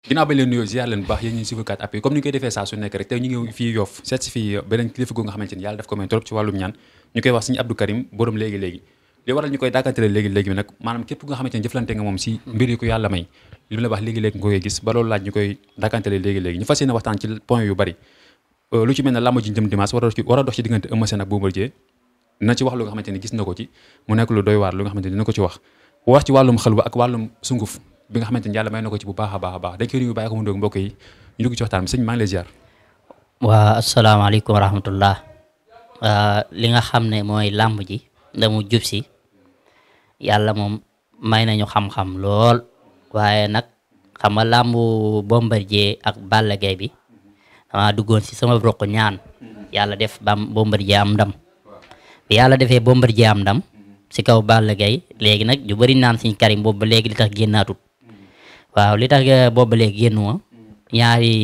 ginnaaw ba leen nuyoo ziar leen baax yéen ñu suivre 4appuis comme ni ñu koy defee ngi si yàlla daf ko may trop ci wàllum ñaan ñu koy wax Serigne ni jëflante nga moom si mbir yi ko yàlla may li mu la léegi-léegi nga koy gis ba loolu laaj ñu koy daakantele léegi-léegi ñu fas yéene waxtaan ci point yu bari euh, lu ci mel ne làmb jëm dimanche war a war a dox ci diggante Eumeu Sène ak Bombardier dina ci wax lu nga xamante ni gis na ko ci mu nekk lu doy waar lu nga xamante ni dina ko ci wax wax ci wàllum xalwa ak wàllum sunguf bi nga xamante ni yàlla may na ko ci bu baax a baax a baax dañ koy nuyu bàyyi ko mu ndoog mbokk yi ñu dugg ci waxtaan bi sëñ maa wa rahmatullah li nga xam ne mooy làmb ji damu jub si yàlla moom may nañu xam-xam lool waaye nag xam nga bombar Bombardier ak Balla Gaye bi dama duggoon si sama roq ñaan yàlla def bam Bombardier am ndam bi yàlla defee am ndam si kaw Balla Gaye léegi nag ñu bëri naan siñ Karim boobu ba léegi li tax génnaatut waaw li tax eh, boobu ba léegi génn ma mm-hmm. ñaari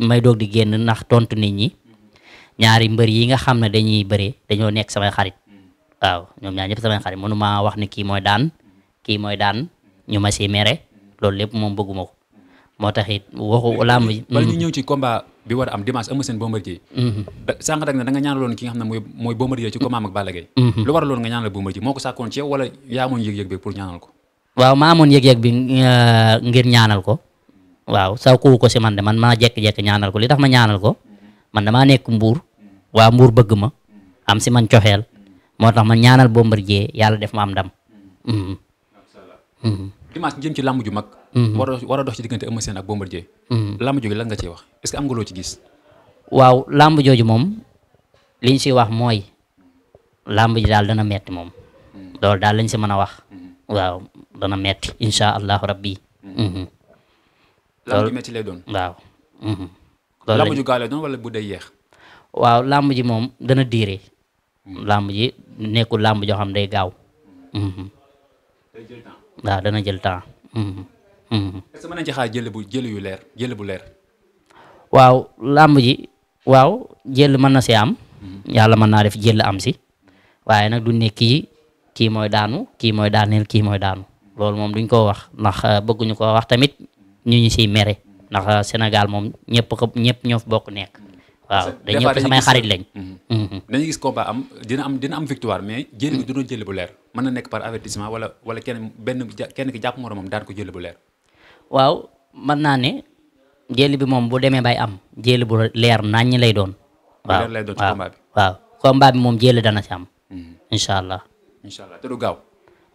may doog di génn ndax tontu nit ñi mm-hmm. ñaari mbër yi nga xam ne dañuy bëree dañoo nekk samay xarit mm-hmm. waaw ñoom ñaar ñëpp samay xarit mënu maa wax ne kii mooy daan kii mooy daan ñu ma si loolu lépp moom bëgguma ko moo tax it waxu ñëw ci combat bi war a am dimanche Eumeu Sène Bombardier sànq rek ne da nga ñaanaloon ki nga xam ne mooy mooy Bombardier ci combat am ak Balla lu war a loolu nga ñaanal Bombardier moo ko sàkkoon ci yow yaa moon yëg-yëg bi pour ñaanal ko waaw maa amoon yëg-yëg bi euh, ngir ñaanal ko waaw saw kuwu si man de man maa jekk-jekk ñaanal ko li tax ma ñaanal ko man maa nekk mbuur waaw mbuur bëgg ma am si man coxeel moo tax ma ñaanal Bombardier yàlla def ma am ndam. Mm-hmm. Mm-hmm. dimanche jëm ci làmb ju mag. Mm-hmm. war a war a dox ci diggante Eumeu Sène ak Bombardier. làmb jooju nga ciy wax est-ce que am nga loo ci gis. waaw làmb jooju moom liñ si wax mooy làmb ji daal dana metti moom loolu daal lañ si mën a wax waaw dana metti incha allahu rabbi. Mm-hmm. Mm-hmm. loolu metti lay mm-hmm. làmb ju gaaw lay ji moom dana diire. làmb ji nekku làmb joo xam day gaaw. waaw dana jël temps. est mën waaw làmb ji waaw jël mën na si am. yàlla mën naa def jël am si. waaye nag du nekk kii mooy daanu kii mooy daaneel kii mooy daanu. loolu moom duñ ko wax ndax euh, bëgguñu koo wax tamit ñu ñu si mere ndax euh, Sénégal moom ñëpp ko ñëpp ñoo bokk nekk waaw dañ ñëpp samay xarit lañ mm-hmm. Mm-hmm. dañuy gis combat am dina am dina am victoire mais jëli bi du bu leer mën na nekk par avertissement wala wala kenn benn kenn ki jàpp moroomam daan ko jëli bu leer waaw mën naa ne jëli bi moom bu demee bay am jëli bu leer naññ lay doon waaw doon ci waaw combat bi moom jëli dana si am mm-hmm. incha allah incha allah te du gaaw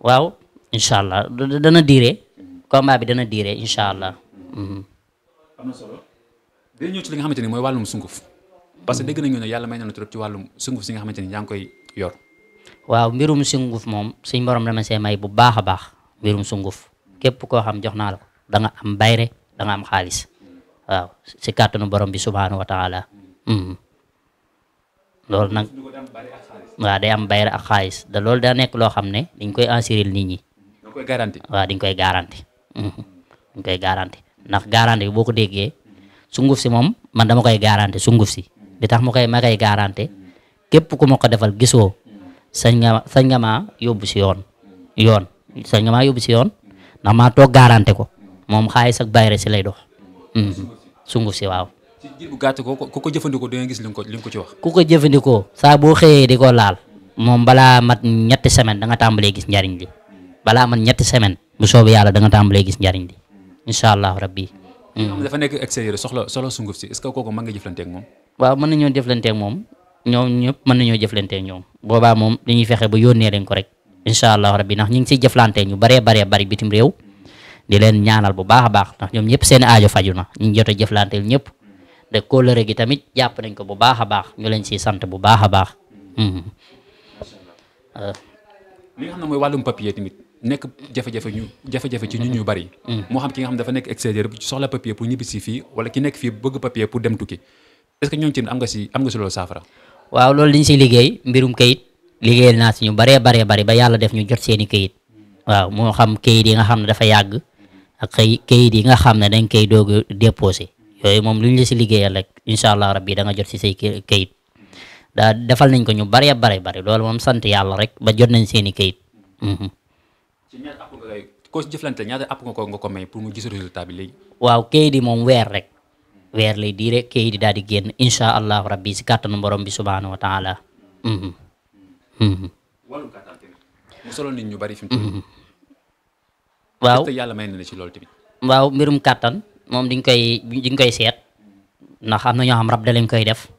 waaw incha allah dana diire combat bi dana diire incha allah. Mm-hmm. li nga xamante ni mooy wàllum sunguf parce que dégg nañu ne yàlla may na trop ci wàllum sunguf si nga xamante ni yaa ngi koy yor. waaw mbirum sunguf moom si borom dama see may bu baax a baax mbirum sunguf képp koo xam jox naa la ko am bayre da am xaalis waaw si kàttanu borom bi subhaanahu wa taala mm-hmm. loolu nag am bayre ak xaalis da loolu daa nekk loo xam ne dañ koy assuril nit ñi koy garanti waaw dañ koy garanti mhm. dañ koy garanti ndax garanti bi boo ko déggee sunguf si moom man dama koy garanti sunguf si li tax ma koy ma koy garanti képp ku ma ko defal gisoo sañ nga sañ nga maa yóbbu si yoon yoon sañ nga maa yóbbu si yoon ndax maa toog garanti ko moom xaalis ak bayre si lay dox mhm. sunguf si waaw ci ko ku ko jëfandikoo da gis li nga ko li ko ci wax ku ko jëfandikoo saa boo xëyee di ko laal moom balaa mat ñetti semaine da nga tàmbalee gis njariñ li balaa man ñetti semaine bu soobee yàlla da nga tàmbalee gis njariñ li incha allah rabbi. Mm. Mm. dafa nekk extérieur soxla soxla sunguf si est-ce que kooku mën nga jëflante ak moom. waaw mën nañoo jëflante moom ñoom ñëpp mën nañoo jëflante ñoom boobaa moom dañuy fexe ba yónnee leen ko rek incha allah rabbi ndax ñu ngi siy jëflante ñu bare baree bari bitim réew di leen ñaanal bu baax a baax ndax ñoom ñëpp seen aajo faju na ñu jot a ñëpp de kóllëre gi tamit jàpp nañ ko bu baax a baax ñu leen siy sant bu baax a baax. Mm. nekk jafe-jafe ñu jafe ci ñun ñu bari. Mm. moo xam ki nga xam dafa nekk extérieur soxla papier pour ñibbi si fii wala ki nekk fii bëgg papier pour dem tukki est-ce que ñooñu ci am nga si am nga si waaw loolu li ñu siy liggéey mbirum kayit liggéeyal naa si ñu baree baree bari ba yàlla def ñu jot seeni kayit waaw moo xam kayit yi nga xam ne dafa yàgg ak kay kayit yi nga xam ne dañ koy doog a déposé yooyu moom lu ñu la si liggéeyal rek incha allah rabbi da jot si say kayit daa defal nañ ko ñu baree baree bari loolu moom sant yàlla rek ba jot nañ seeni kayit mm-hmm. ko nga ko may pour mu gis résultat bi waaw kayit yi moom weer rek weer lay diire kayit yi daal di génn incha allahu rabbi si kàttanu borom bi subhaanahu wa taala. Mhm. Mhm. wàllum kàttan ñu bari fi mu mhm. waaw te yàlla may waaw mbirum kàttan moom diñ koy diñ koy seet ndax am na ñoo xam rab da lañ koy def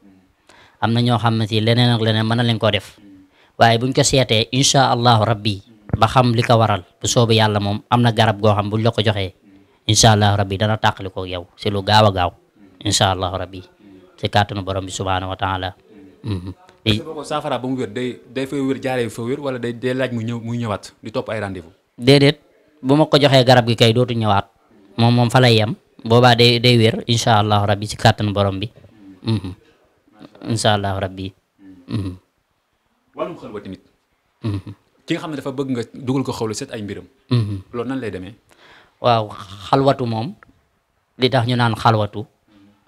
am na ñoo xam ne si leneen ak leneen mën na leen koo def waaye buñ ko seetee incha allahu rabbi ba xam li ko waral bu soobu yàlla moom am na garab goo xam buñ la ko joxee incha allah rabbi dana tàqali ko yow si lu gaaw a gaaw incha allah rabbi si kàttanu borom bi subhaanahu wa taala di boo ko saafara ba mu wér day day fa wér jaaree fa wér wala day day laaj mu ñëw muy di topp ay rendez-vous déedéet bu ma ko joxee garab gi kay dootu ñëwaat moom moom fa lay yem boobaa day day wér incha allah rabbi si kàttanu borom bi mhm. incha allah rabbi mhm. wàllum ki nga xam ne dafa bëgg nga dugal ko xawlu set ay mbiram. Mhm. loolu nan lay demee. waaw xalwatu moom li tax ñu naan xalwatu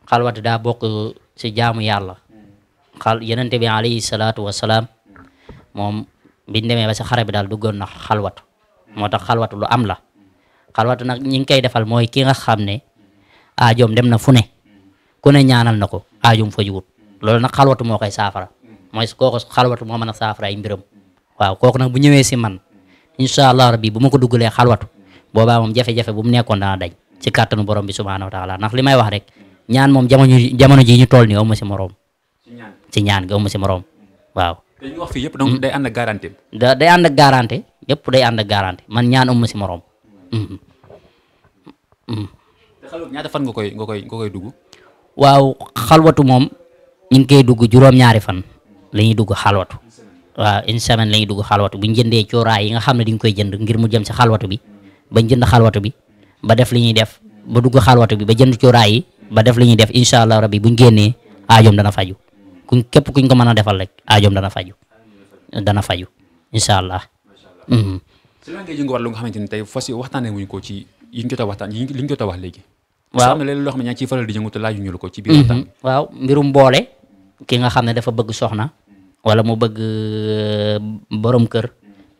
xalwatu daa bokk si jaamu yàlla. xal yenente bi alayhi salaatu wa salaam moom biñ demee ba ci xare bi daal duggoon na xalwatu moo ta xalwatu lu am la xalwatu na ñi ngi koy defal mooy ki nga xam ne aajoom dem na fu ne ku ne ñaanal na ko aajoom fa juwut loolu nag xalwatu moo koy saafara mooy kooku xalwatu moo mën a saafara ay mbiram. waaw kooku nag bu ñëwee si man incha allah rabbi bu ma ko duggalee xalwatu boobaa moom jafe-jafe bu mu nekkoon dana dañ ci kàttanu borom bi subhaanahu wa taala ndax li may wax rek ñaan moom jamono jamono ji ñu tool ni amu si moroom ci ñaan gi amu si moroom waaw yëpp donc day ànd ak day ànd ak garantie day ànd ak man ñaan amu si moroom mm-hmm. Mm-hmm. xalwatu ñaata fan nga dugg waaw xalwatu moom ñu ngi koy dugg juróom-ñaari fan lañuy dugg xalwatu waaw une semaine la ñuy dugg xalwatu bu ñu jëndee cooraay yi nga xam ne dañ koy jënd ngir mu jëm si xalwatu bi bañ jënd xalwatu bi ba def li ñuy def ba dugg xalwatu bi ba jënd cooraay yi ba def li ñuy def incha allah rabbi buñ génnee aajoom dana faju kuñ képp kuñ ko mën a defal rek aajoom dana faju dana faju incha allah. Mm-hmm. si lan ngay yënguwaat lu nga xamante tey fas yi waxtaanee wuñ ko ci yi ñu jot a yi li ñu jot wax léegi. waaw am loo xam ne ñaa ngi di yëngu te laaju ñu ko ci biir mm-hmm. waxtaan waaw mbirum boole ki nga xam ne dafa bëgg soxna wala mu bëgg euh, borom kër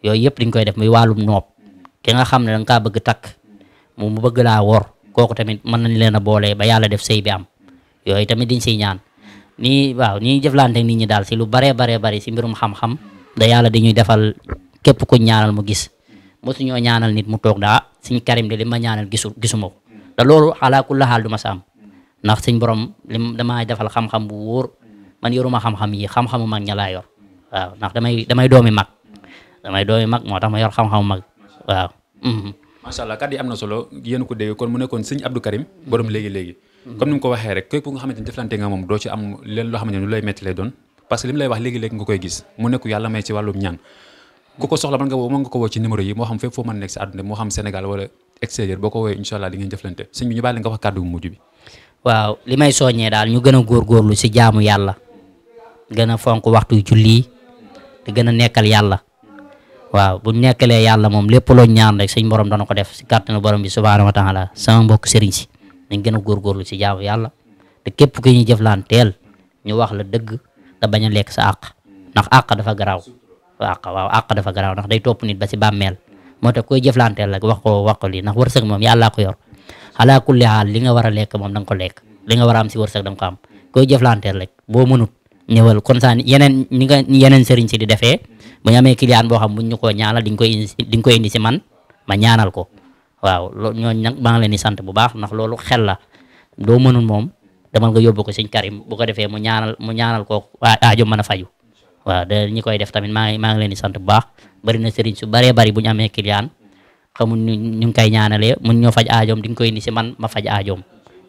yooyu yëpp dañ koy def muy wàllum noob ki nga xam ne danga kaa bëgg takk mu mu bëgg laa wor kooku tamit mën nañ leen a boole ba yàlla def sey bi am yooyu tamit diñ si ñaan nii waaw ni ñuy jëflante nit ñi daal si lu baree baree bari si mbirum xam-xam da yàlla ñuy defal képp ku ñaanal mu gis mosuñoo ñaanal nit mu toog daa siñ karim de li ma ñaanal gisu gisuma ko loolu alaa kulli xaal du ma sa am ndax borom lim damaa defal xam man yoruma xam-xam yi xam-xamu mag ña yor waaw ndax damay doomi mag moo tax ma yor xam-xamu mag waaw. Mhm. macha allah kàddu yi am na solo yéen ko dégg kon mu nekkoon sëñ Abdou Karim borom léegi léegi. Mhm. waxee rek képp nga xamante ni doo ci am leen loo xamante ni lu lay léegi nga koy gis mu nekk yàlla may ci wàllum ñaan ku ko soxla mën nga ko woo ci numéro yi moo xam fépp foo mën nekk si àdduna moo xam Sénégal wala extérieur boo ko woowee incha allah di ngeen jëflante sëñ bi ñu bàyyi la nga wax kàddu bu bi. waaw li gën a fonk waxtu julli te gën a nekkal yàlla waaw bu nekkalee yàlla moom lépp loo ñaan rek suñ borom dana ko def si kàttanu borom bi subhaanahu wa taala sama mbokk sëriñ si dañ gën a góorgóorlu si jaamu yàlla te képp ki ñu jëflanteel ñu wax la dëgg te bañ lekk sa àq ndax àq dafa garaaw àq waaw àq dafa garaaw ndax day topp nit ba si bàmmeel moo tax koy jëflanteel rek wax ko wax ko lii ndax wërsëg moom yàlla ko yor ala kulli xaal li nga war lekk moom da ko lekk li nga am si wërsëg da nga am koy jëflanteel ñëwal kon saan yeneen ni nga yeneen sëriñ si di defee bu ñu amee client boo xam bu ñu koo ñaanal diñ koy indi diñ koy indi si man ma ñaanal ko waaw loolu ñooñu nag maa ngi leen di sant bu baax ndax loolu xel la doo mënul moom demal nga yóbbu ko sëñ Karim bu ko defee mu ñaanal mu ñaanal ko aajo mën a faju waaw da ñi koy def tamit maa ngi maa ngi leen di sant bu baax bari na sëriñ su baree bari bu ñu amee client xamuñ ñu ñu ngi koy ñaanalee mun ñoo faj aajoom di nga koy indi si man ma faj aajoom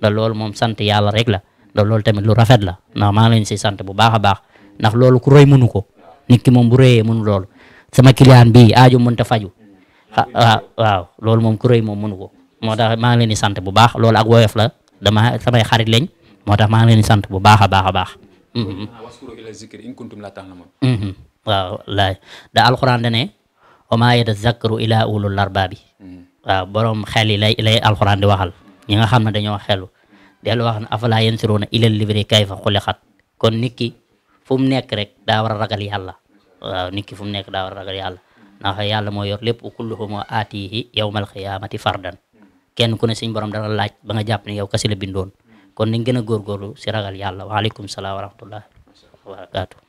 da loolu moom sant yàlla rek la loolu loolu tamit lu rafet la na maa ngi si sant bu baax a baax ndax loolu ku rëy mënu ko nit ki moom bu rëyee munu lool sama client bi aajo mënta faju waaw waaw loolu moom ku rëy moom mënu ko moo tax maa ngi di sant bu baax lool ak woyof la dama samay xarit lañ moo tax maa ngi leen sant bu baax a baax a baax mhm. ah, mhm. waaw laay da alxuraan da ne wama yatazakkaru ila ulul arbaabi mhm. waaw borom xel yi lay lay alxuraan di waxal ñi nga xam ne dañoo xelu dellu wax na afala yansuruna ilal libri kayfa xuliqat kon nit ki fu mu nekk rek daa war a ragal yàlla waaw nit ki fu mu nekk daa war a ragal yàlla ndax yàlla moo yor lépp kulluhum aatihi yawmal qiyaamati fardan kenn ku ne suñ borom dana laaj ba nga jàpp ne yow kese la bindoon kon nañ gën a góorgóorlu si ragal yàlla waaleykum salaam wa rahmatullah wa barakaatu